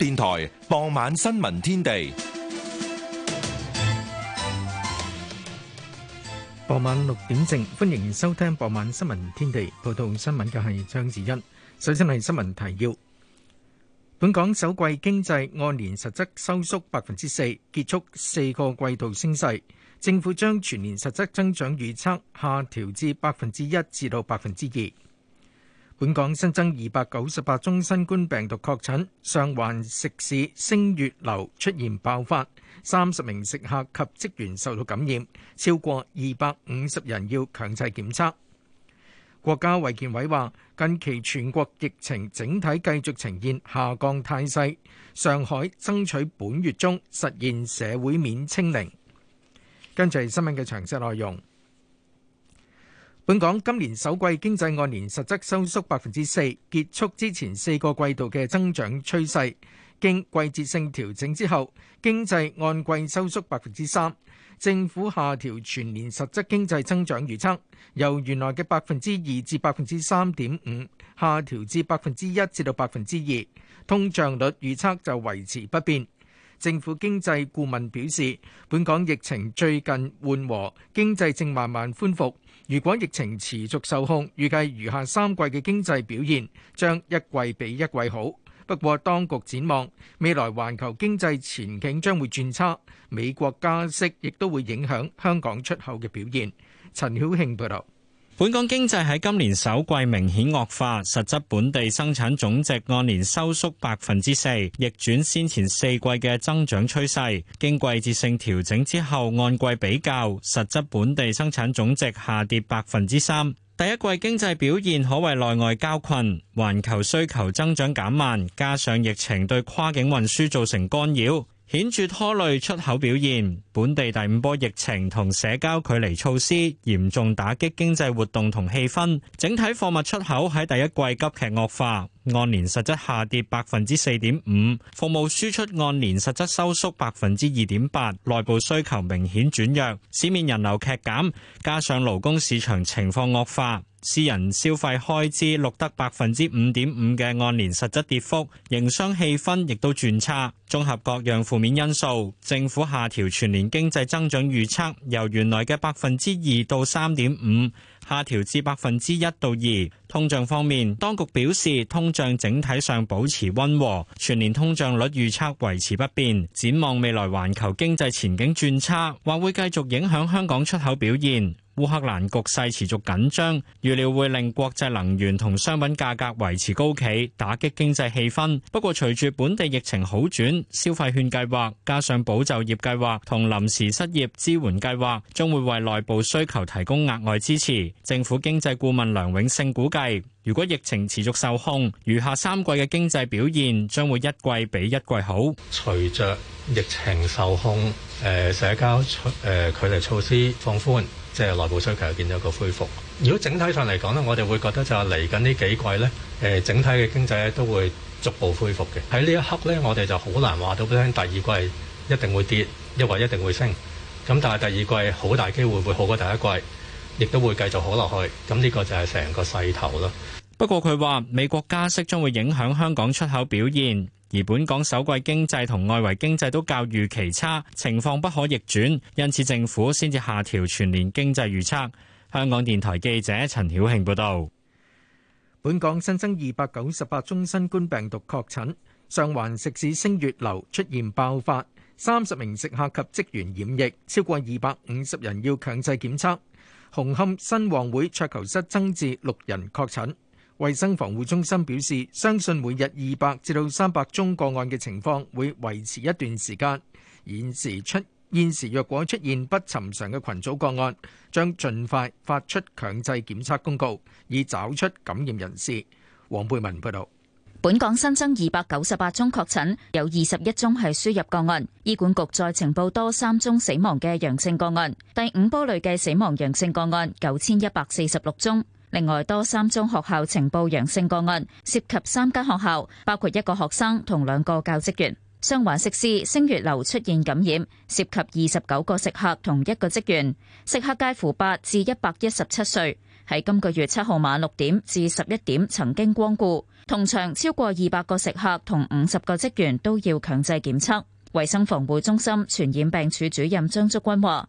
電台傍晚新聞天地，傍晚六點正，歡迎收聽傍晚新聞天地。報道新聞嘅係張子欣，首先係新聞提要。本港首季經濟按年實質收縮百分之四，結束四個季度升勢。政府將全年實質增長預測下調至百分之一至到百分之二。本港新增二百九十八宗新冠病毒確診，上環食肆星月樓出現爆發，三十名食客及職員受到感染，超過二百五十人要強制檢測。國家衛健委話，近期全國疫情整體繼續呈現下降態勢，上海爭取本月中實現社會面清零。跟住係新聞嘅詳細內容。本港今年首季經濟按年實質收縮百分之四，結束之前四個季度嘅增長趨勢。經季節性調整之後，經濟按季收縮百分之三。政府下調全年實質經濟增長預測，由原來嘅百分之二至百分之三點五，下調至百分之一至到百分之二。通脹率預測就維持不變。政府經濟顧問表示，本港疫情最近緩和，經濟正慢慢恢復。如果疫情持續受控，預計餘下三季嘅經濟表現將一季比一季好。不過，當局展望未來環球經濟前景將會轉差，美國加息亦都會影響香港出口嘅表現。陳曉慶報道。本港經濟喺今年首季明顯惡化，實質本地生產總值按年收縮百分之四，逆轉先前四季嘅增長趨勢。經季節性調整之後，按季比較，實質本地生產總值下跌百分之三。第一季經濟表現可謂內外交困，環球需求增長減慢，加上疫情對跨境運輸造成干擾。顯著拖累出口表現，本地第五波疫情同社交距離措施嚴重打擊經濟活動同氣氛，整體貨物出口喺第一季急劇惡化，按年實質下跌百分之四點五，服務輸出按年實質收縮百分之二點八，內部需求明顯轉弱，市面人流劇減，加上勞工市場情況惡化，私人消費開支錄得百分之五點五嘅按年實質跌幅，營商氣氛亦都轉差。綜合各樣負面因素，政府下調全年經濟增長預測，由原來嘅百分之二到三點五。下調至百分之一到二。通脹方面，當局表示通脹整體上保持溫和，全年通脹率預測維持不變。展望未來，環球經濟前景轉差，或會繼續影響香港出口表現。烏克蘭局勢持續緊張，預料會令國際能源同商品價格維持高企，打擊經濟氣氛。不過，隨住本地疫情好轉，消費券計劃加上保就業計劃同臨時失業支援計劃，將會為內部需求提供額外支持。政府經濟顧問梁永勝估計，如果疫情持續受控，餘下三季嘅經濟表現將會一季比一季好。隨着疫情受控，誒社交誒距離措施放寬。即係內部需求又見咗個恢復。如果整體上嚟講呢，我哋會覺得就係嚟緊呢幾季呢，誒整體嘅經濟咧都會逐步恢復嘅。喺呢一刻呢，我哋就好難話到畀聽第二季一定會跌，抑或一定會升。咁但係第二季好大機會會好過第一季，亦都會繼續好落去。咁呢個就係成個勢頭咯。不過佢話，美國加息將會影響香港出口表現。而本港首季經濟同外圍經濟都較預期差，情況不可逆轉，因此政府先至下調全年經濟預測。香港電台記者陳曉慶報道。本港新增二百九十八宗新冠病毒確診，上環食肆星月樓出現爆發，三十名食客及職員染疫，超過二百五十人要強制檢測，紅磡新旺會桌球室增至六人確診。衛生防護中心表示，相信每日二百至到三百宗個案嘅情況會維持一段時間。現時出，現時若果出現不尋常嘅群組個案，將盡快發出強制檢測公告，以找出感染人士。黃佩文報道。本港新增二百九十八宗確診，有二十一宗係輸入個案。醫管局再情報多三宗死亡嘅陽性個案，第五波累計死亡陽性個案九千一百四十六宗。另外，多三宗學校呈報陽性個案，涉及三間學校，包括一個學生同兩個教職員。雙環食肆星月樓出現感染，涉及二十九個食客同一個職員，食客介乎八至一百一十七歲，喺今個月七號晚六點至十一點曾經光顧，同場超過二百個食客同五十個職員都要強制檢測。衛生防護中心傳染病處主任張竹君話。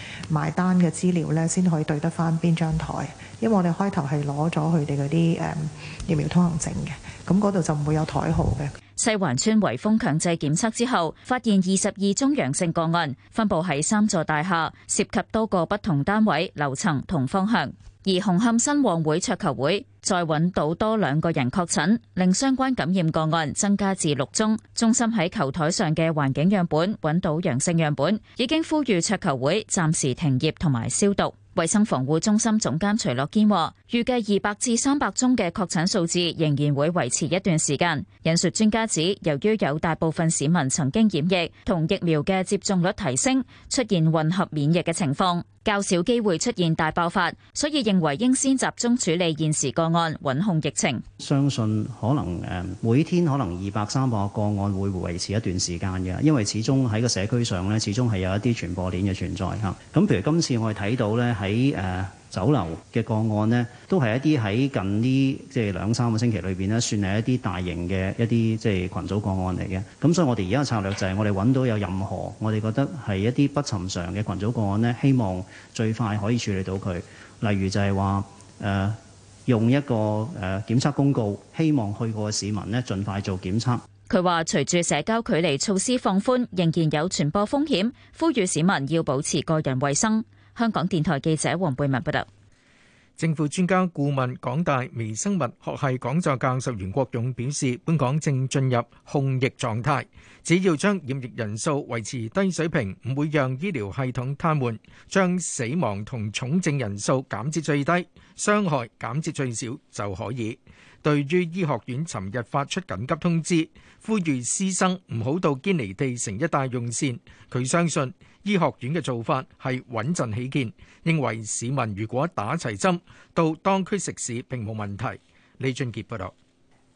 埋單嘅資料咧，先可以對得返邊張枱，因為我哋開頭係攞咗佢哋嗰啲誒疫苗通行證嘅，咁嗰度就唔會有枱號嘅。西環邨圍封強制檢測之後，發現二十二宗陽性個案，分布喺三座大廈，涉及多個不同單位、樓層同方向。而紅磡新旺會桌球會，再揾到多兩個人確診，令相關感染個案增加至六宗。中心喺球台上嘅環境樣本揾到陽性樣本，已經呼籲桌球會暫時停業同埋消毒。衛生防護中心總監徐樂堅話，預計二百至三百宗嘅確診數字仍然會維持一段時間。引述專家指，由於有大部分市民曾經染疫，同疫苗嘅接種率提升，出現混合免疫嘅情況。較少機會出現大爆發，所以認為應先集中處理現時個案，穩控疫情。相信可能誒，每天可能二百三百個個案會維持一段時間嘅，因為始終喺個社區上咧，始終係有一啲傳播鏈嘅存在吓。咁、嗯、譬如今次我哋睇到咧喺誒。呃酒樓嘅個案呢，都係一啲喺近呢即係兩三個星期裏邊咧，算係一啲大型嘅一啲即係群組個案嚟嘅。咁所以我哋而家策略就係我哋揾到有任何我哋覺得係一啲不尋常嘅群組個案呢，希望最快可以處理到佢。例如就係話誒用一個誒檢測公告，希望去過嘅市民呢，盡快做檢測。佢話：隨住社交距離措施放寬，仍然有傳播風險，呼籲市民要保持個人衞生。香港電台記者黃貝文報道，政府專家顧問港大微生物學系講座教授袁國勇表示，本港正進入控疫狀態，只要將染疫人數維持低水平，唔會讓醫療系統癱瘓，將死亡同重症人數減至最低，傷害減至最少就可以。對於醫學院尋日發出緊急通知，呼籲師生唔好到堅尼地城一帶用膳，佢相信醫學院嘅做法係穩陣起見，認為市民如果打齊針到當區食肆並冇問題。李俊傑報導。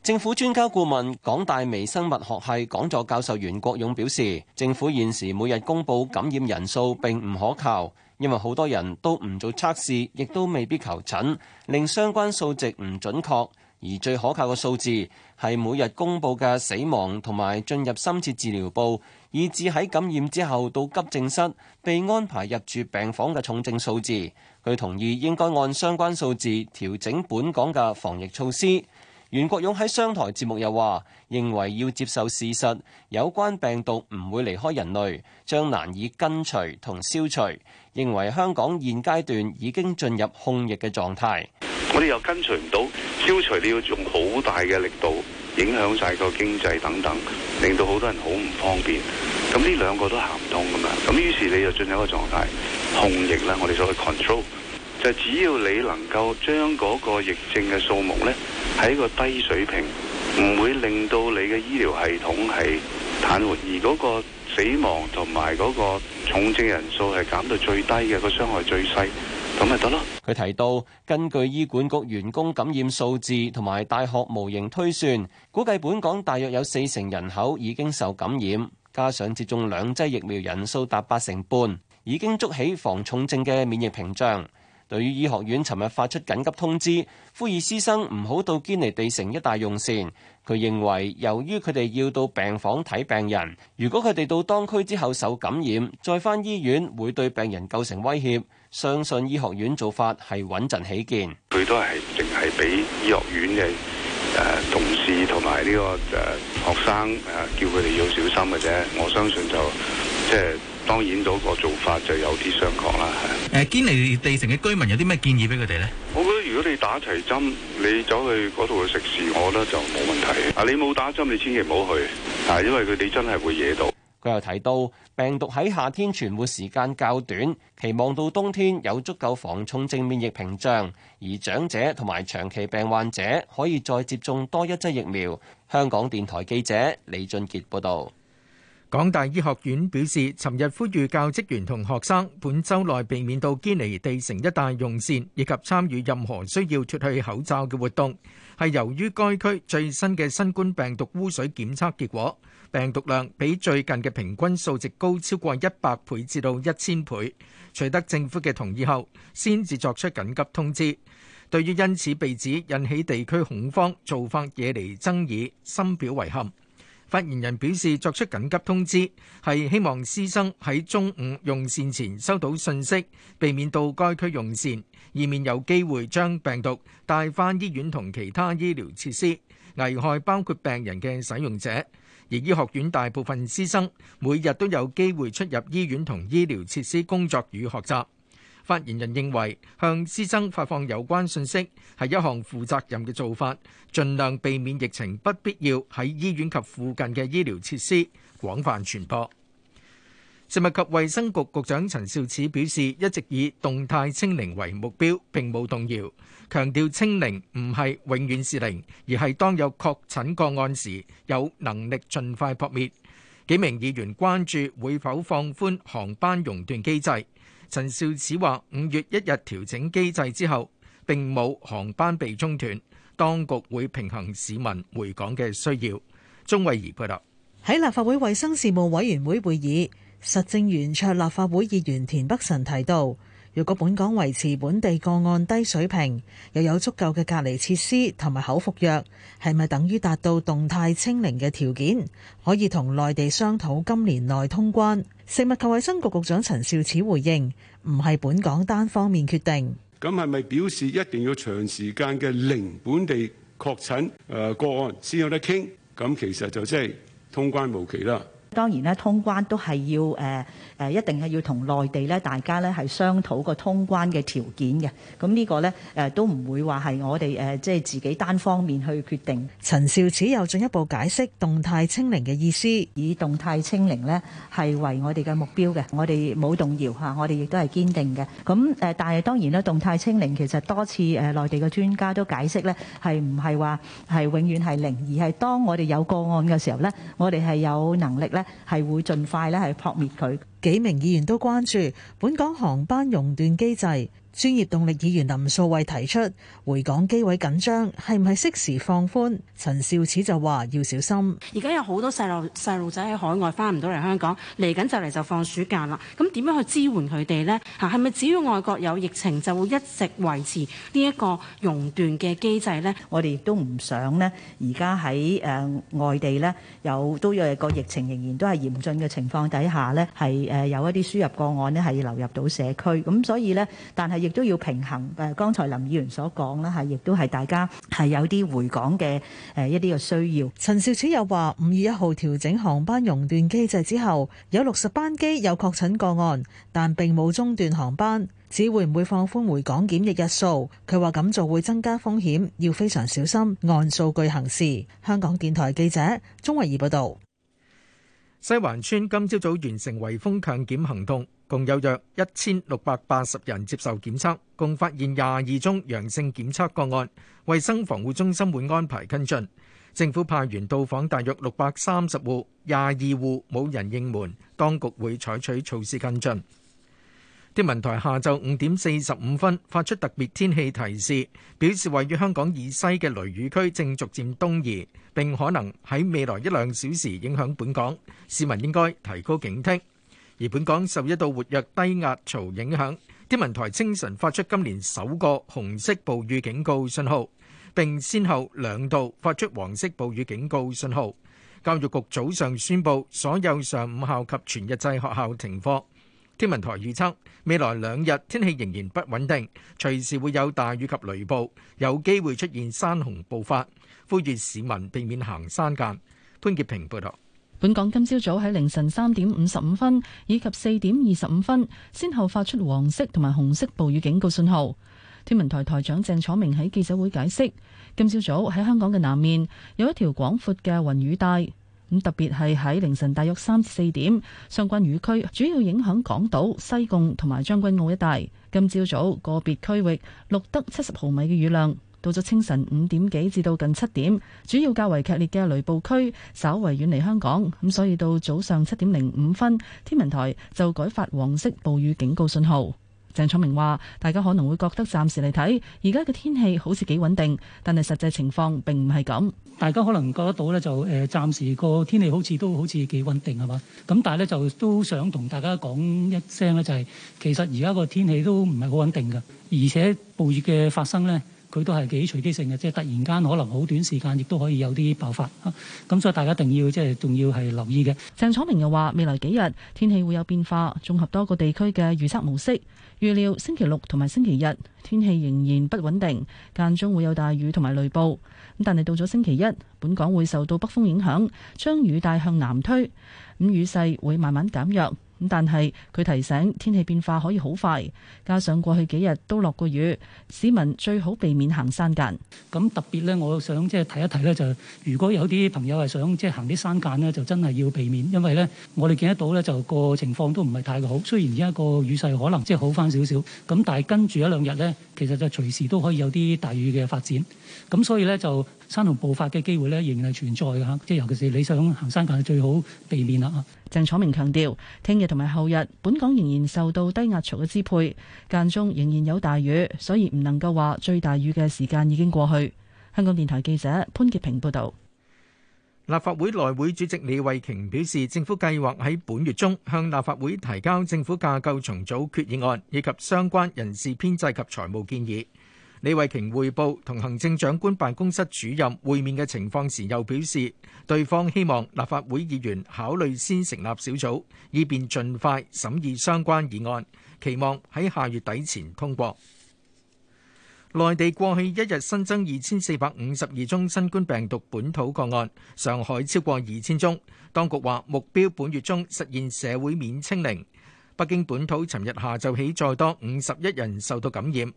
政府專家顧問港大微生物學系講座教授袁國勇表示，政府現時每日公布感染人數並唔可靠，因為好多人都唔做測試，亦都未必求診，令相關數值唔準確。而最可靠嘅數字係每日公布嘅死亡同埋進入深切治療部，以致喺感染之後到急症室被安排入住病房嘅重症數字。佢同意應該按相關數字調整本港嘅防疫措施。袁國勇喺商台節目又話，認為要接受事實，有關病毒唔會離開人類，將難以根除同消除，認為香港現階段已經進入控疫嘅狀態。我哋又跟隨唔到，消除你要用好大嘅力度，影響晒個經濟等等，令到好多人好唔方便。咁呢兩個都行唔通㗎嘛。咁於是你就進入一個狀態，控疫咧。我哋所謂 control 就只要你能夠將嗰個疫症嘅數目呢，喺個低水平，唔會令到你嘅醫療系統係癱瘓，而嗰個死亡同埋嗰個重症人數係減到最低嘅，個傷害最細。咁咪得咯。佢提到，根據醫管局員工感染數字同埋大學模型推算，估計本港大約有四成人口已經受感染。加上接種兩劑疫苗人數達八成半，已經築起防重症嘅免疫屏障。對於醫學院尋日發出緊急通知，呼籲師生唔好到堅尼地城一帶用膳。佢認為，由於佢哋要到病房睇病人，如果佢哋到當區之後受感染，再返醫院會對病人構成威脅。相信醫學院做法係穩陣起見，佢都係淨係俾醫學院嘅誒、呃、同事同埋呢個誒、呃、學生誒、呃、叫佢哋要小心嘅啫。我相信就即係、呃、當然，嗰個做法就有啲商榷啦。誒，堅尼、呃、地城嘅居民有啲咩建議俾佢哋咧？我覺得如果你打齊針，你走去嗰度去食肆，我覺得就冇問題。啊，你冇打針，你千祈唔好去，啊，因為佢哋真係會惹到。佢又提到，病毒喺夏天存活時間較短，期望到冬天有足夠防重症免疫屏障。而長者同埋長期病患者可以再接種多一劑疫苗。香港電台記者李俊杰報道。港大醫學院表示，尋日呼籲教職員同學生本周內避免到堅尼地城一帶用膳，以及參與任何需要脫去口罩嘅活動，係由於該區最新嘅新冠病毒污水檢測結果。病毒量比最近嘅平均數值高超過一百倍至到一千倍，取得政府嘅同意後，先至作出緊急通知。對於因此被指引起地區恐慌，做法惹嚟爭議，深表遺憾。發言人表示，作出緊急通知係希望師生喺中午用膳前收到信息，避免到該區用膳，以免有機會將病毒帶翻醫院同其他醫療設施，危害包括病人嘅使用者。而醫學院大部分師生每日都有機會出入醫院同醫療設施工作與學習。發言人認為向師生發放有關信息係一項負責任嘅做法，盡量避免疫情不必要喺醫院及附近嘅醫療設施廣泛傳播。食物及衛生局局長陳肇始表示，一直以動態清零為目標，並冇動搖，強調清零唔係永遠是零，而係當有確診個案時，有能力盡快撲滅。幾名議員關注會否放寬航班熔斷機制，陳肇始話五月一日調整機制之後，並冇航班被中斷，當局會平衡市民回港嘅需要。鍾慧儀報道。喺立法會衞生事務委員會會議。實政圓桌立法會議員田北辰提到，若果本港維持本地個案低水平，又有足夠嘅隔離設施同埋口服藥，係咪等於達到動態清零嘅條件，可以同內地商討今年內通關？食物及衛生局局長陳肇始回應：唔係本港單方面決定。咁係咪表示一定要長時間嘅零本地確診誒個案先有得傾？咁其實就即係通關無期啦。當然咧，通關都係要誒誒、呃，一定係要同內地咧，大家咧係商討個通關嘅條件嘅。咁、這個、呢個咧誒，都唔會話係我哋誒，即、呃、係自己單方面去決定。陳肇始有進一步解釋動態清零嘅意思，以動態清零咧係為我哋嘅目標嘅。我哋冇動搖嚇，我哋亦都係堅定嘅。咁誒，但係當然啦，動態清零其實多次誒內、呃、地嘅專家都解釋咧，係唔係話係永遠係零，而係當我哋有個案嘅時候咧，我哋係有能力咧。係會盡快咧，係撲滅佢。幾名議員都關注本港航班熔斷機制。專業動力議員林素慧提出回港機位緊張，係唔係適時放寬？陳肇始就話要小心。而家有好多細路細路仔喺海外翻唔到嚟香港，嚟緊就嚟就放暑假啦。咁點樣去支援佢哋呢？嚇，係咪只要外國有疫情，就會一直維持呢一個熔斷嘅機制呢？我哋亦都唔想呢。而家喺誒外地呢，有都有個疫情仍然都係嚴峻嘅情況底下呢，係誒有一啲輸入個案呢，係流入到社區。咁所以呢，但係。亦都要平衡。誒，剛才林議員所講啦，係亦都係大家係有啲回港嘅誒一啲嘅需要。陳肇始又話五月一號調整航班熔斷機制之後，有六十班機有確診個案，但並冇中斷航班，只會唔會放寬回港檢疫日數？佢話咁做會增加風險，要非常小心，按數據行事。香港電台記者鍾慧儀報道。西環村今朝早完成圍封強檢行動，共有約一千六百八十人接受檢測，共發現廿二宗陽性檢測個案。衛生防護中心會安排跟進。政府派員到訪大約六百三十戶，廿二戶冇人應門，當局會採取措施跟進。天文台下晝五點四十五分發出特別天氣提示，表示位於香港以西嘅雷雨區正逐漸東移，並可能喺未來一兩小時影響本港，市民應該提高警惕。而本港受一道活躍低壓槽影響，天文台清晨發出今年首個紅色暴雨警告信號，並先後兩度發出黃色暴雨警告信號。教育局早上宣布，所有上午校及全日制學校停課。天文台預測未來兩日天氣仍然不穩定，隨時會有大雨及雷暴，有機會出現山洪暴發，呼籲市民避免行山澗。潘潔平報道，本港今朝早喺凌晨三點五十五分以及四點二十五分，先後發出黃色同埋紅色暴雨警告信號。天文台台長鄭楚明喺記者會解釋，今朝早喺香港嘅南面有一條廣闊嘅雲雨帶。咁特別係喺凌晨大約三、四點，相關雨區主要影響港島、西貢同埋將軍澳一帶。今朝早個別區域錄得七十毫米嘅雨量。到咗清晨五點幾至到近七點，主要較為劇烈嘅雷暴區稍為遠離香港，咁所以到早上七點零五分，天文台就改發黃色暴雨警告信號。鄭聰明話，大家可能會覺得暫時嚟睇，而家嘅天氣好似幾穩定，但係實際情況並唔係咁。大家可能覺得到咧，就誒、呃，暫時個天氣好似都好似幾穩定係嘛，咁但係咧就都想同大家講一聲咧，就係、是、其實而家個天氣都唔係好穩定噶，而且暴雨嘅發生咧。佢都係幾隨機性嘅，即係突然間可能好短時間，亦都可以有啲爆發。咁所以大家一定要即係仲要係留意嘅。鄭楚明又話：未來幾日天氣會有變化，綜合多個地區嘅預測模式，預料星期六同埋星期日天氣仍然不穩定，間中會有大雨同埋雷暴。咁但係到咗星期一，本港會受到北風影響，將雨帶向南推，咁雨勢會慢慢減弱。但係佢提醒天氣變化可以好快，加上過去幾日都落過雨，市民最好避免行山澗。咁特別咧，我想即係提一提咧，就如果有啲朋友係想即係行啲山澗咧，就真係要避免，因為咧我哋見得到咧就個情況都唔係太好。雖然而家個雨勢可能即係好翻少少，咁但係跟住一兩日咧，其實就隨時都可以有啲大雨嘅發展。咁所以咧就。山洪暴發嘅機會咧，仍然係存在嘅嚇，即係尤其是你想行山，就係最好避免啦嚇。鄭楚明強調，聽日同埋後日，本港仍然受到低壓槽嘅支配，間中仍然有大雨，所以唔能夠話最大雨嘅時間已經過去。香港電台記者潘潔平報導。立法會內會主席李慧瓊表示，政府計劃喺本月中向立法會提交政府架構重組決議案，以及相關人事編制及財務建議。李慧瓊匯報同行政長官辦公室主任會面嘅情況時，又表示對方希望立法會議員考慮先成立小組，以便盡快審議相關議案，期望喺下月底前通過。內地過去一日新增二千四百五十二宗新冠病毒本土個案，上海超過二千宗。當局話目標本月中實現社會免清零。北京本土尋日下晝起再多五十一人受到感染。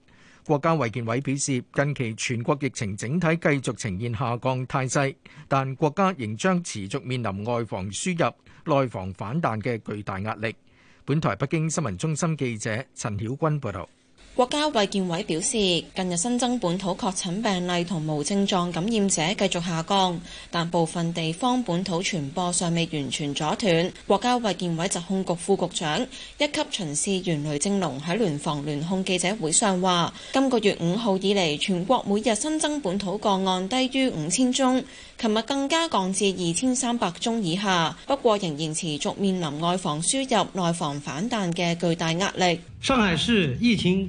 國家衛健委表示，近期全國疫情整體繼續呈現下降態勢，但國家仍將持續面臨外防輸入、內防反彈嘅巨大壓力。本台北京新聞中心記者陳曉君報道。國家衛健委表示，近日新增本土確診病例同無症狀感染者繼續下降，但部分地方本土傳播尚未完全阻斷。國家衛健委疾控局副局長、一級巡視員雷正龍喺聯防聯控記者會上話，今個月五號以嚟，全國每日新增本土個案低於五千宗，琴日更加降至二千三百宗以下。不過，仍然持續面臨外防輸入、內防反彈嘅巨大壓力。上海市疫情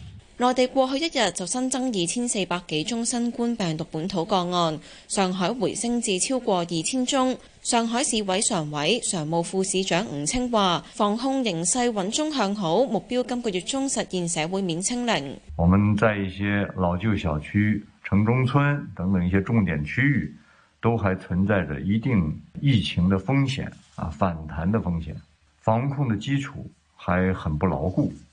內地過去一日就新增二千四百幾宗新冠病毒本土個案，上海回升至超過二千宗。上海市委常委、常務副市長吳清話：防控形勢穩中向好，目標今個月中實現社會面清零。我們在一些老舊小區、城中村等等一些重點區域，都還存在着一定疫情的風險啊，反彈的風險，防控的基礎還很不牢固。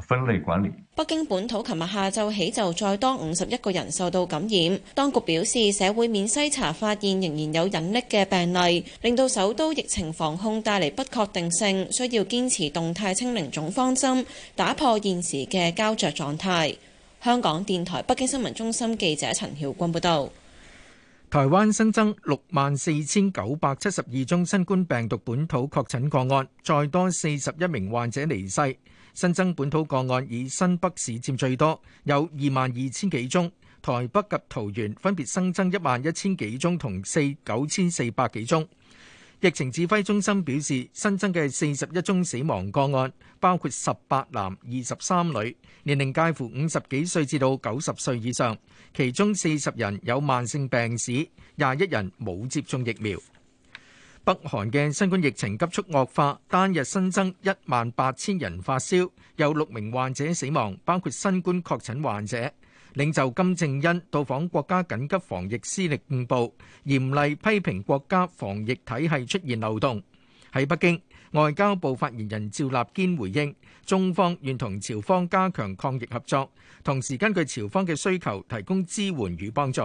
分類管理。北京本土琴日下晝起就再多五十一個人受到感染，當局表示社會面篩查發現仍然有隱匿嘅病例，令到首都疫情防控帶嚟不確定性，需要堅持動態清零總方針，打破現時嘅膠着狀態。香港電台北京新聞中心記者陳曉君報道。台灣新增六萬四千九百七十二宗新冠病毒本土確診個案，再多四十一名患者離世。新增本土個案以新北市佔最多，有二萬二千幾宗；台北及桃園分別新增一萬一千幾宗同四九千四百幾宗。疫情指揮中心表示，新增嘅四十一宗死亡個案，包括十八男二十三女，年齡介乎五十幾歲至到九十歲以上，其中四十人有慢性病史，廿一人冇接種疫苗。北韓嘅新冠疫情急速惡化，單日新增一萬八千人發燒，有六名患者死亡，包括新冠確診患者。領袖金正恩到訪國家緊急防疫司令部，嚴厲批評國家防疫體系出現漏洞。喺北京，外交部發言人趙立堅回應，中方願同朝方加強抗疫合作，同時根據朝方嘅需求提供支援與幫助。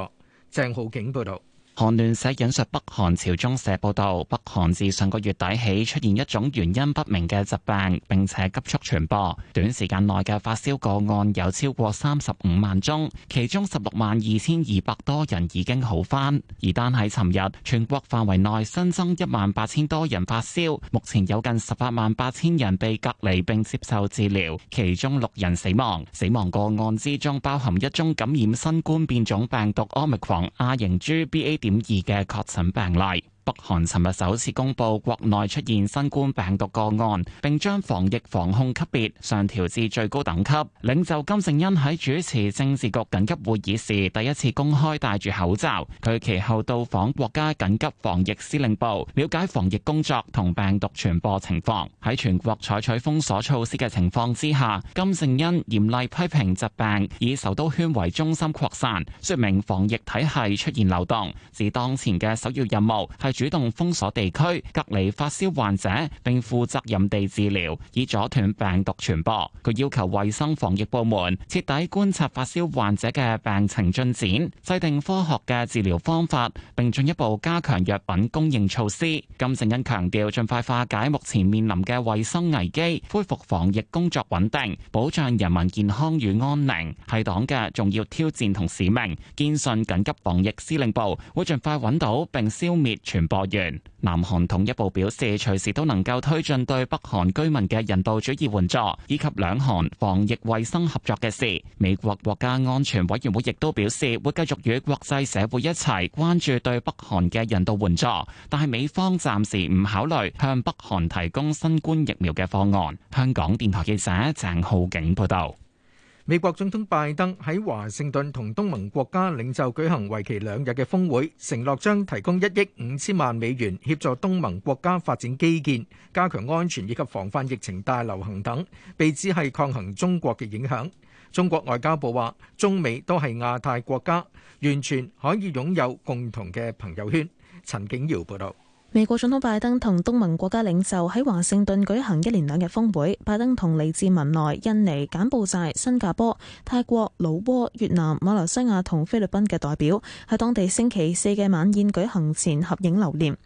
鄭浩景報道。韓聯社引述北韓朝中社報道，北韓自上個月底起出現一種原因不明嘅疾病，並且急速傳播，短時間內嘅發燒個案有超過三十五萬宗，其中十六萬二千二百多人已經好返。而單喺尋日，全國範圍內新增一萬八千多人發燒，目前有近十八萬八千人被隔離並接受治療，其中六人死亡。死亡個案之中包含一宗感染新冠變種病毒 Omicron 亞型株 BA。點二嘅確診病例。北韓尋日首次公布國內出現新冠病毒個案，並將防疫防控級別上調至最高等級。領袖金正恩喺主持政治局緊急會議時，第一次公開戴住口罩。佢其後到訪國家緊急防疫司令部，了解防疫工作同病毒傳播情況。喺全國採取封鎖措施嘅情況之下，金正恩嚴厲批評疾病以首都圈為中心擴散，説明防疫體系出現漏洞。自當前嘅首要任務係。主動封鎖地區，隔離發燒患者，並負責任地治療，以阻斷病毒傳播。佢要求衛生防疫部門徹底觀察發燒患者嘅病情進展，制定科學嘅治療方法，並進一步加強藥品供應措施。金正恩強調，盡快化解目前面臨嘅衛生危機，恢復防疫工作穩定，保障人民健康與安寧，係黨嘅重要挑戰同使命。堅信緊急防疫司令部會盡快揾到並消滅全。播完，南韓統一部表示隨時都能夠推進對北韓居民嘅人道主義援助，以及兩韓防疫衛生合作嘅事。美國國家安全委員會亦都表示會繼續與國際社會一齊關注對北韓嘅人道援助，但係美方暫時唔考慮向北韓提供新冠疫苗嘅方案。香港電台記者鄭浩景報道。美國總統拜登喺華盛頓同東盟國家領袖舉行為期兩日嘅峰會，承諾將提供一億五千萬美元協助東盟國家發展基建、加強安全以及防範疫情大流行等，被指係抗衡中國嘅影響。中國外交部話：中美都係亞太國家，完全可以擁有共同嘅朋友圈。陳景堯報道。美國總統拜登同東盟國家領袖喺華盛頓舉行一連兩日峰會。拜登同嚟自文萊、印尼、柬埔寨、新加坡、泰國、老撾、越南、馬來西亞同菲律賓嘅代表喺當地星期四嘅晚宴舉行前合影留念。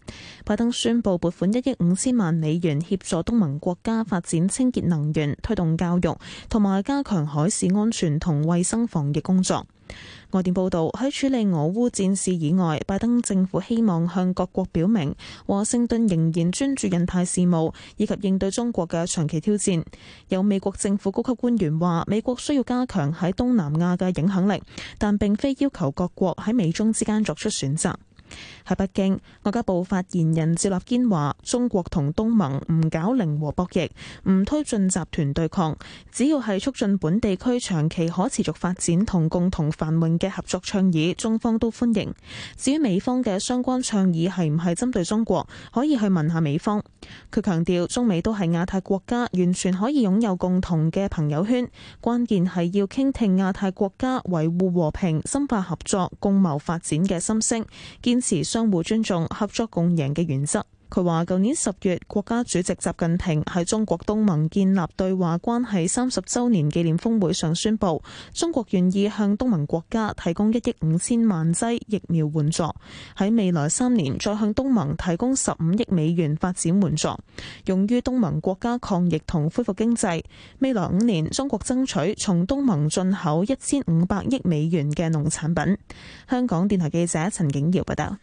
拜登宣布撥款一億五千萬美元協助東盟國家發展清潔能源、推動教育同埋加強海事安全同衛生防疫工作。外電報道，喺處理俄烏戰事以外，拜登政府希望向各國表明，華盛頓仍然專注印太事務，以及應對中國嘅長期挑戰。有美國政府高級官員話，美國需要加強喺東南亞嘅影響力，但並非要求各國喺美中之間作出選擇。喺北京，外交部發言人趙立堅話，中國同東盟唔搞零和博弈，唔推進集團對抗，只要係促進本地區長期可持續發展同共同繁榮嘅合作倡議，中方都歡迎。至於美方嘅相關倡議係唔係針對中國，可以去問下美方。佢強調，中美都係亞太國家，完全可以擁有共同嘅朋友圈。關鍵係要傾聽亞太國家維護和平、深化合作、共謀發展嘅心聲，堅持相互尊重、合作共贏嘅原則。佢話，舊年十月，國家主席習近平喺中國東盟建立對話關係三十周年紀念峰會上宣布，中國願意向東盟國家提供一億五千萬劑疫苗援助，喺未來三年再向東盟提供十五億美元發展援助，用於東盟國家抗疫同恢復經濟。未來五年，中國爭取從東盟進口一千五百億美元嘅農產品。香港電台記者陳景堯報道。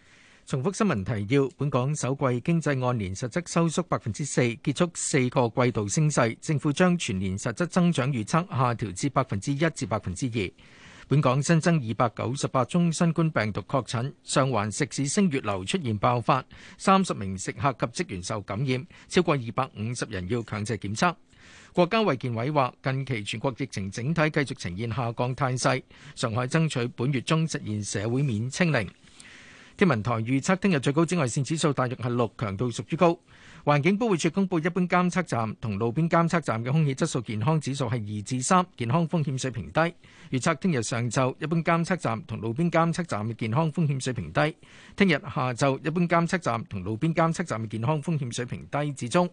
重複新聞提要：本港首季經濟按年實質收縮百分之四，結束四個季度升勢。政府將全年實質增長預測下調至百分之一至百分之二。本港新增二百九十八宗新冠病毒確診，上環食肆星月樓出現爆發，三十名食客及職員受感染，超過二百五十人要強制檢測。國家衛健委話，近期全國疫情整體繼續呈現下降態勢。上海爭取本月中實現社會面清零。天文台預測聽日最高紫外線指數大約係六，強度屬於高。環境保護署公布一般監測站同路邊監測站嘅空氣質素健康指數係二至三，健康風險水平低。預測聽日上晝一般監測站同路邊監測站嘅健康風險水平低。聽日下晝一般監測站同路邊監測站嘅健康風險水平低至中。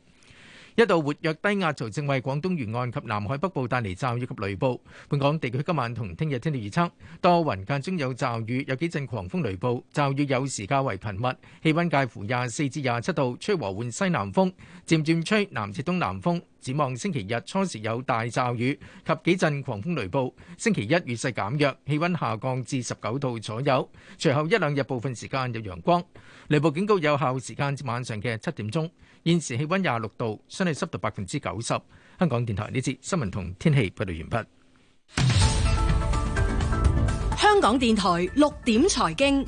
一道活躍低壓槽正為廣東沿岸及南海北部帶嚟驟雨及雷暴。本港地區今晚同聽日天氣預測多雲間中有驟雨，有幾陣狂風雷暴，驟雨有時較為頻密。氣温介乎廿四至廿七度，吹和緩西南風，漸漸吹南至東南風。展望星期日初時有大驟雨及幾陣狂風雷暴，星期一雨勢減，減弱，氣温下降至十九度左右。隨後一兩日部分時間有陽光。雷暴警告有效時間至晚上嘅七點鐘。現時氣溫廿六度，相對濕度百分之九十。香港電台呢節新聞同天氣報道完畢。香港電台六點財經，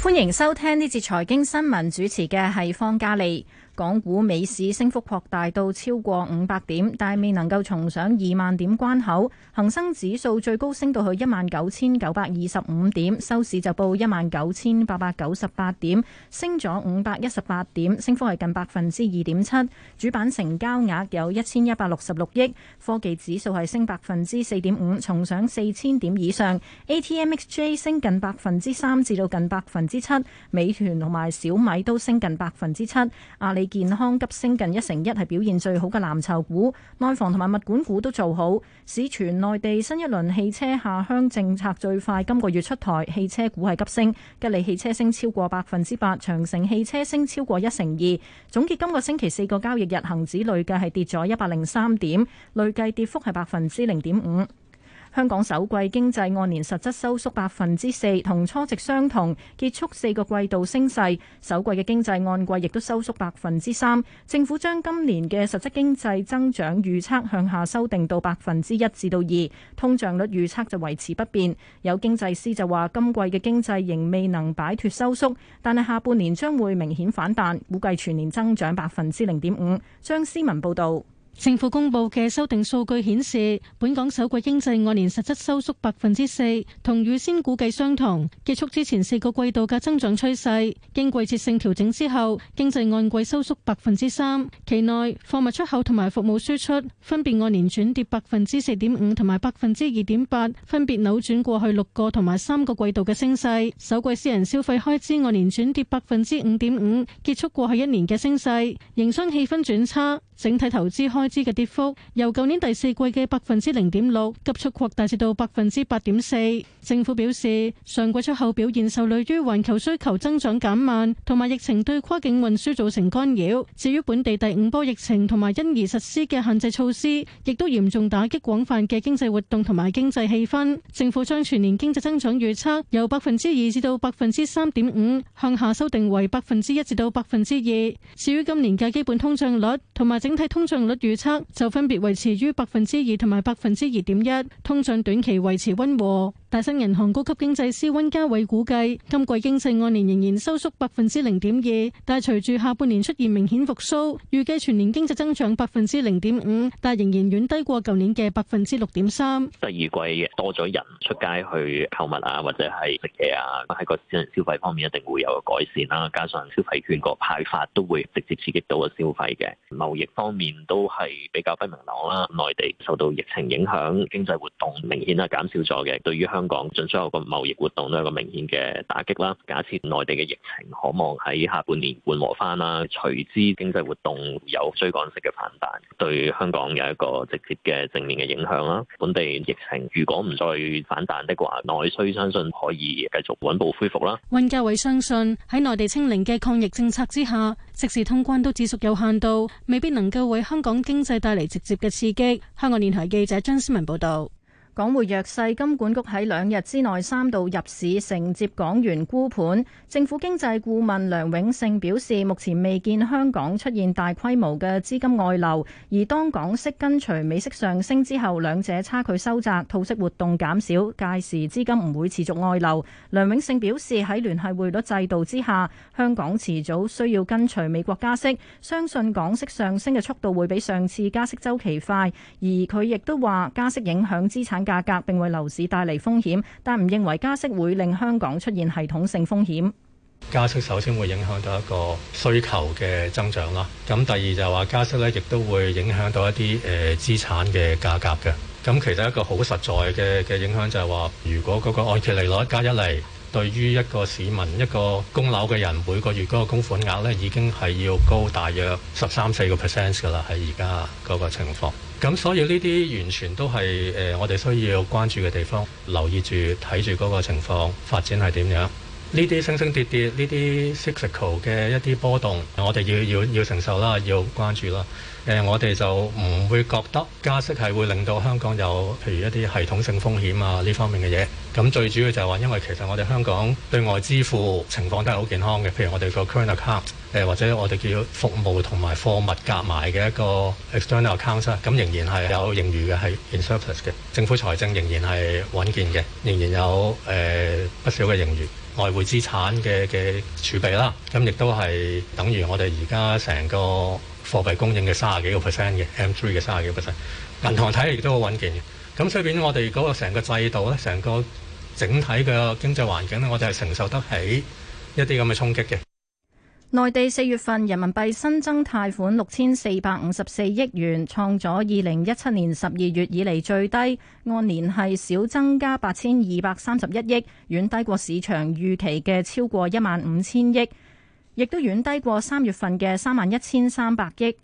歡迎收聽呢節財經新聞，主持嘅係方嘉莉。港股、美市升幅擴大到超過五百點，但未能夠重上二萬點關口。恒生指數最高升到去一萬九千九百二十五點，收市就報一萬九千八百九十八點，升咗五百一十八點，升幅係近百分之二點七。主板成交額有一千一百六十六億。科技指數係升百分之四點五，重上四千點以上。ATMXJ 升近百分之三至到近百分之七。美團同埋小米都升近百分之七。阿里，健康急升近一成一，係表現最好嘅藍籌股。內房同埋物管股都做好。市傳內地新一輪汽車下鄉政策最快今個月出台，汽車股係急升。吉利汽車升超過百分之八，長城汽車升超過一成二。總結今個星期四個交易日，恒指累計係跌咗一百零三點，累計跌幅係百分之零點五。香港首季經濟按年實質收縮百分之四，同初值相同，結束四個季度升勢。首季嘅經濟按季亦都收縮百分之三。政府將今年嘅實質經濟增長預測向下修訂到百分之一至到二，通脹率預測就維持不變。有經濟師就話，今季嘅經濟仍未能擺脱收縮，但係下半年將會明顯反彈，估計全年增長百分之零點五。張思文報導。政府公布嘅修訂數據顯示，本港首季經濟按年實質收縮百分之四，同預先估計相同，結束之前四個季度嘅增長趨勢，經季節性調整之後，經濟按季收縮百分之三。期內貨物出口同埋服務輸出分別按年轉跌百分之四點五同埋百分之二點八，分別扭轉過去六個同埋三個季度嘅升勢。首季私人消費開支按年轉跌百分之五點五，結束過去一年嘅升勢，營商氣氛轉差，整體投資開開支嘅跌幅由舊年第四季嘅百分之零點六急速擴大至到百分之八點四。政府表示，上季出口表現受累於環球需求增長減慢，同埋疫情對跨境運輸造成干擾。至於本地第五波疫情同埋因而實施嘅限制措施，亦都嚴重打擊廣泛嘅經濟活動同埋經濟氣氛。政府將全年經濟增長預測由百分之二至到百分之三點五向下修訂為百分之一至到百分之二。至於今年嘅基本通脹率同埋整體通脹率預測就分別維持於百分之二同埋百分之二點一，通脹短期維持溫和。大新銀行高級經濟師温家偉估計，今季經濟按年仍然收縮百分之零點二，但係隨住下半年出現明顯復甦，預計全年經濟增長百分之零點五，但仍然遠低過舊年嘅百分之六點三。第二季多咗人出街去購物啊，或者係食嘢啊，喺個私人消費方面一定會有個改善啦、啊。加上消費券個派發都會直接刺激到個消費嘅。貿易方面都係比較不明朗啦、啊。內地受到疫情影響，經濟活動明顯係減少咗嘅。對於香港進出口個貿易活動都有個明顯嘅打擊啦。假設內地嘅疫情可望喺下半年緩和翻啦，隨之經濟活動有追趕式嘅反彈，對香港有一個直接嘅正面嘅影響啦。本地疫情如果唔再反彈的話，內需相信可以繼續穩步恢復啦。韋家偉相信喺內地清零嘅抗疫政策之下，即時通關都只屬有限度，未必能夠為香港經濟帶嚟直接嘅刺激。香港電台記者張思文報道。港匯弱勢，金管局喺兩日之內三度入市承接港元沽盤。政府經濟顧問梁永勝表示，目前未見香港出現大規模嘅資金外流。而當港息跟隨美息上升之後，兩者差距收窄，套息活動減少，屆時資金唔會持續外流。梁永勝表示，喺聯繫匯率制度之下，香港遲早需要跟隨美國加息，相信港息上升嘅速度會比上次加息周期快。而佢亦都話，加息影響資產。價格並為樓市帶嚟風險，但唔認為加息會令香港出現系統性風險。加息首先會影響到一個需求嘅增長啦，咁第二就話加息咧，亦都會影響到一啲誒資產嘅價格嘅。咁其實一個好實在嘅嘅影響就係話，如果嗰個按揭利率加一嚟，對於一個市民一個供樓嘅人，每個月嗰個供款額咧，已經係要高大約十三四個 percent 噶啦，喺而家嗰個情況。咁所以呢啲完全都係誒、呃，我哋需要關注嘅地方，留意住睇住嗰個情況發展係點樣。呢啲升升跌跌，呢啲 cyclical 嘅一啲波動，我哋要要要承受啦，要關注啦。誒、呃，我哋就唔會覺得加息係會令到香港有譬如一啲系統性風險啊呢方面嘅嘢。咁、嗯、最主要就係話，因為其實我哋香港對外支付情況都係好健康嘅。譬如我哋個 current account，誒、呃、或者我哋叫服務同埋貨物夾埋嘅一個 external account，咁、啊、仍然係有盈餘嘅，係 in surplus 嘅。政府財政仍然係穩健嘅，仍然有誒、呃、不少嘅盈餘、外匯資產嘅嘅儲備啦。咁、嗯、亦都係等於我哋而家成個。貨幣供應嘅三十幾個 percent 嘅 M3 嘅三十幾個 percent，銀行體系亦都好穩健嘅。咁所以變我哋嗰個成個制度咧，成個整體嘅經濟環境咧，我就係承受得起一啲咁嘅衝擊嘅。內地四月份人民幣新增貸款六千四百五十四億元，創咗二零一七年十二月以嚟最低，按年係少增加八千二百三十一億，遠低過市場預期嘅超過一萬五千億。亦都遠低過三月份嘅三萬一千三百億。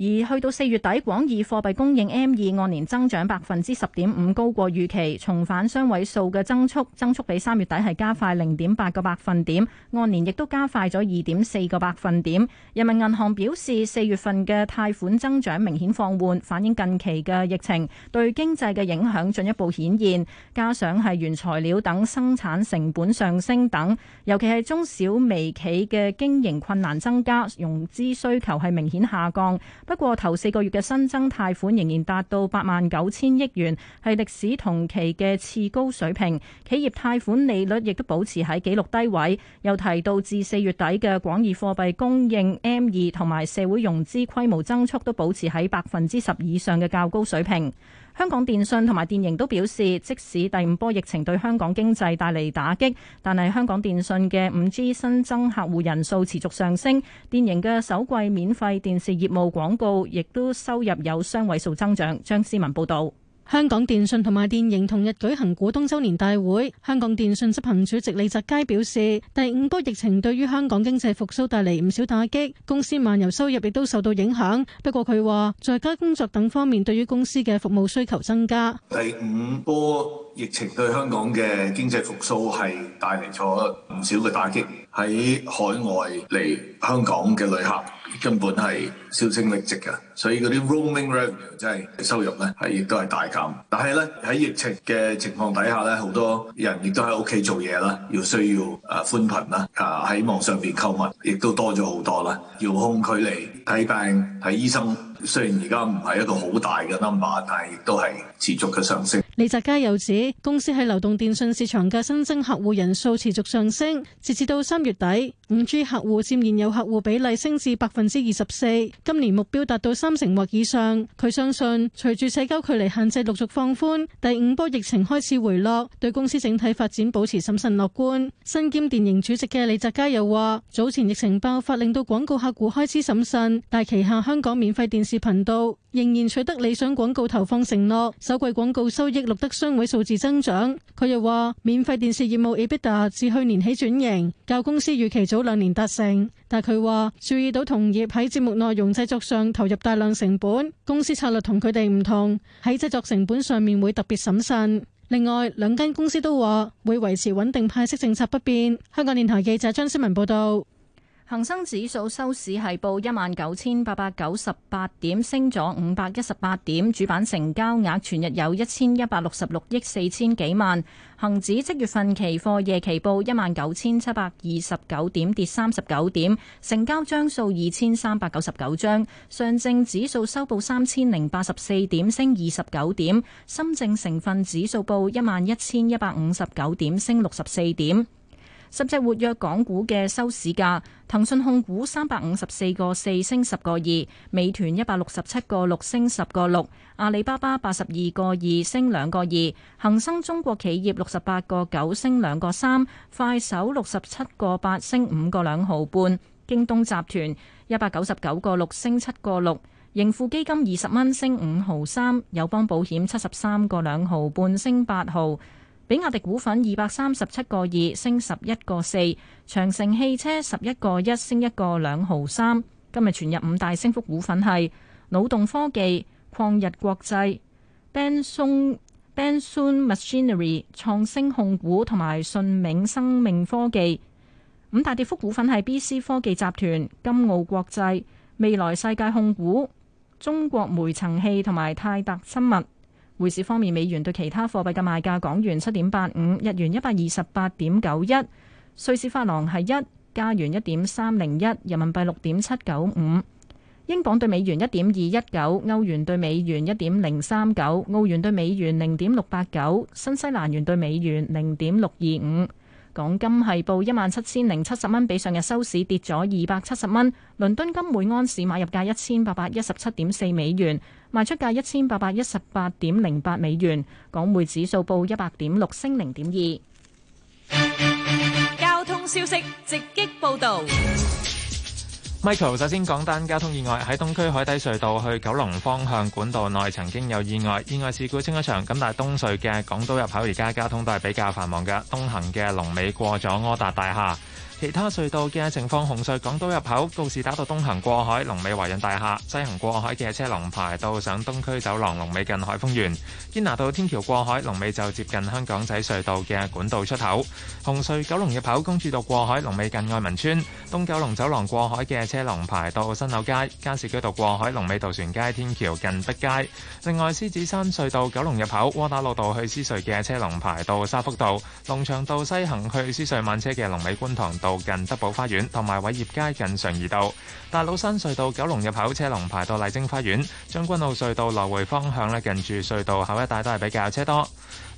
而去到四月底，廣義貨幣供應 M2 按年增長百分之十點五，高過預期，重返雙位數嘅增速，增速比三月底係加快零點八個百分點，按年亦都加快咗二點四個百分點。人民銀行表示，四月份嘅貸款增長明顯放緩，反映近期嘅疫情對經濟嘅影響進一步顯現，加上係原材料等生產成本上升等，尤其係中小微企嘅經營困難增加，融資需求係明顯下降。不過，頭四個月嘅新增貸款仍然達到八萬九千億元，係歷史同期嘅次高水平。企業貸款利率亦都保持喺紀錄低位。又提到，至四月底嘅廣義貨幣供應 M 二同埋社會融資規模增速都保持喺百分之十以上嘅較高水平。香港電信同埋電盈都表示，即使第五波疫情對香港經濟帶嚟打擊，但係香港電信嘅五 G 新增客戶人數持續上升，電盈嘅首季免費電視業務廣告亦都收入有雙位數增長。張思文報導。香港電訊同埋電盈同日舉行股東周年大會。香港電訊執行主席李澤楷表示，第五波疫情對於香港經濟復甦帶嚟唔少打擊，公司漫遊收入亦都受到影響。不過佢話，在家工作等方面對於公司嘅服務需求增加。第五波疫情對香港嘅經濟復甦係帶嚟咗唔少嘅打擊，喺海外嚟香港嘅旅客，根本係銷聲匿跡㗎，所以嗰啲 roaming revenue 真係收入咧係亦都係大減。但係咧喺疫情嘅情況底下咧，好多人亦都喺屋企做嘢啦，要需要啊寬頻啦啊喺網上邊購物亦都多咗好多啦，遙控距離睇病睇醫生，雖然而家唔係一個好大嘅 number，但係亦都係持續嘅上升。李澤佳又指，公司喺流動電訊市場嘅新增客戶人數持續上升，截至到三月底，五 g 客戶佔現有客戶比例升至百分之二十四。今年目標達到三成或以上。佢相信，隨住社交距離限制陸續放寬，第五波疫情開始回落，對公司整體發展保持審慎樂觀。身兼電盈主席嘅李澤佳又話，早前疫情爆發令到廣告客戶開始審慎，但旗下香港免費電視頻道仍然取得理想廣告投放承諾，首季廣告收益錄得雙位數字增長。佢又話：免費電視業務 EBITDA 自去年起轉型，較公司預期早兩年達成。但佢話注意到同業喺節目內容製作上投入大量成本，公司策略同佢哋唔同，喺製作成本上面會特別審慎。另外兩間公司都話會維持穩定派息政策不變。香港電台記者張思文報道。恒生指數收市係報一萬九千八百九十八點，升咗五百一十八點。主板成交額全日有一千一百六十六億四千幾萬。恒指即月份期貨夜期報一萬九千七百二十九點，跌三十九點，成交張數二千三百九十九張。上證指數收報三千零八十四點，升二十九點。深證成分指數報一萬一千一百五十九點，升六十四點。十隻活躍港股嘅收市價：騰訊控股三百五十四個四升十個二，美團一百六十七個六升十個六，阿里巴巴八十二個二升兩個二，恒生中國企業六十八個九升兩個三，快手六十七個八升五個兩毫半，京東集團一百九十九個六升七個六，盈富基金二十蚊升五毫三，友邦保險七十三個兩毫半升八毫。比亞迪股份二百三十七個二升十一個四，長城汽車十一個一升一個兩毫三。今日全日五大升幅股份係腦洞科技、曠日國際、Benson Benson Machinery、創升控股同埋信銘生命科技。五大跌幅股份係 B C 科技集團、金奧國際、未來世界控股、中國煤層氣同埋泰達生物。匯市方面，美元對其他貨幣嘅賣價：港元七點八五，日元一百二十八點九一，瑞士法郎係一加元一點三零一，人民幣六點七九五，英鎊對美元一點二一九，歐元對美元一點零三九，澳元對美元零點六八九，新西蘭元對美元零點六二五。港金係報一萬七千零七十蚊，比上日收市跌咗二百七十蚊。倫敦金每安士買入價一千八百一十七點四美元，賣出價一千八百一十八點零八美元。港匯指數報一百點六升零點二。交通消息直擊報道。Michael 首先講單交通意外，喺東區海底隧道去九龍方向管道內曾經有意外，意外事故清咗場。咁但係東隧嘅港島入口而家交通都係比較繁忙㗎，東行嘅龍尾過咗柯達大廈。其他隧道嘅情況，紅隧港島入口告士打道東行過海，龍尾華潤大廈；西行過海嘅車龍排到上東區走廊龍尾近海峰園。堅拿道天橋過海，龍尾就接近香港仔隧道嘅管道出口。紅隧九龍入口公主道過海，龍尾近愛民村；東九龍走廊過海嘅車龍排到新樓街。加士居道過海，龍尾渡船街天橋近碧街。另外，獅子山隧道九龍入口窩打老道去獅隧嘅車龍排到沙福道。龍翔道西行去獅隧慢車嘅龍尾觀塘道。附近德寶花園同埋偉業街近常怡道，大老山隧道九龍入口車龍排到麗晶花園，將軍澳隧道來回方向咧，近住隧道口一帶都係比較車多。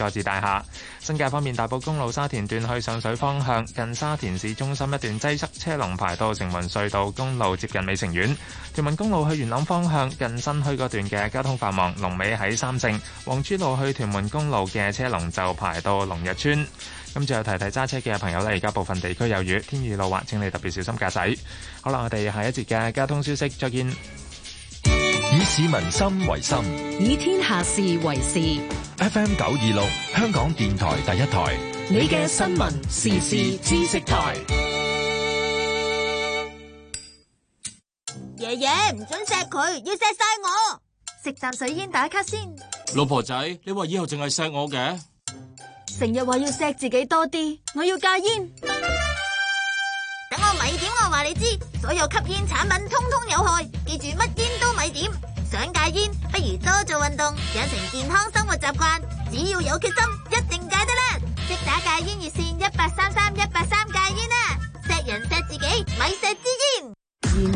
佐治大廈，新界方面，大埔公路沙田段去上水方向，近沙田市中心一段擠塞，車龍排到城門隧道公路接近美城苑；屯門公路去元朗方向，近新墟嗰段嘅交通繁忙，龍尾喺三聖；黃珠路去屯門公路嘅車龍就排到龍日村。咁、嗯、最後就提提揸車嘅朋友呢，而家部分地區有雨，天雨路滑請你特別小心駕駛。好啦，我哋下一節嘅交通消息，再見。以市民心為心，以天下事為事。FM 九二六，香港電台第一台。你嘅新聞時事知識台。爺爺唔准錫佢，要錫晒我。食啖水煙打卡先。老婆仔，你話以後淨係錫我嘅？成日話要錫自己多啲，我要戒煙。等我咪點，我話你知，所有吸煙產品通通有害，記住乜煙都咪點。想戒煙，不如多做運動，養成健康生活習慣。只要有決心，一定戒得啦！即打戒煙熱線一八三三一八三戒煙啦，啊！錫人錫自己，咪錫支煙。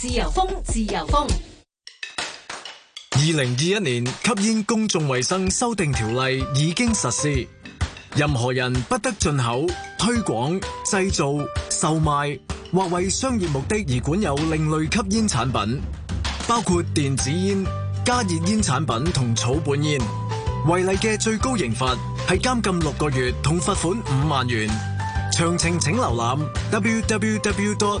自由風，自由風。二零二一年吸煙公眾衛生修訂條例已經實施，任何人不得進口、推廣、製造、售賣或為商業目的而管有另類吸煙產品，包括電子煙、加熱煙產品同草本煙。違例嘅最高刑罰係監禁六個月同罰款五萬元。詳情請瀏覽 www.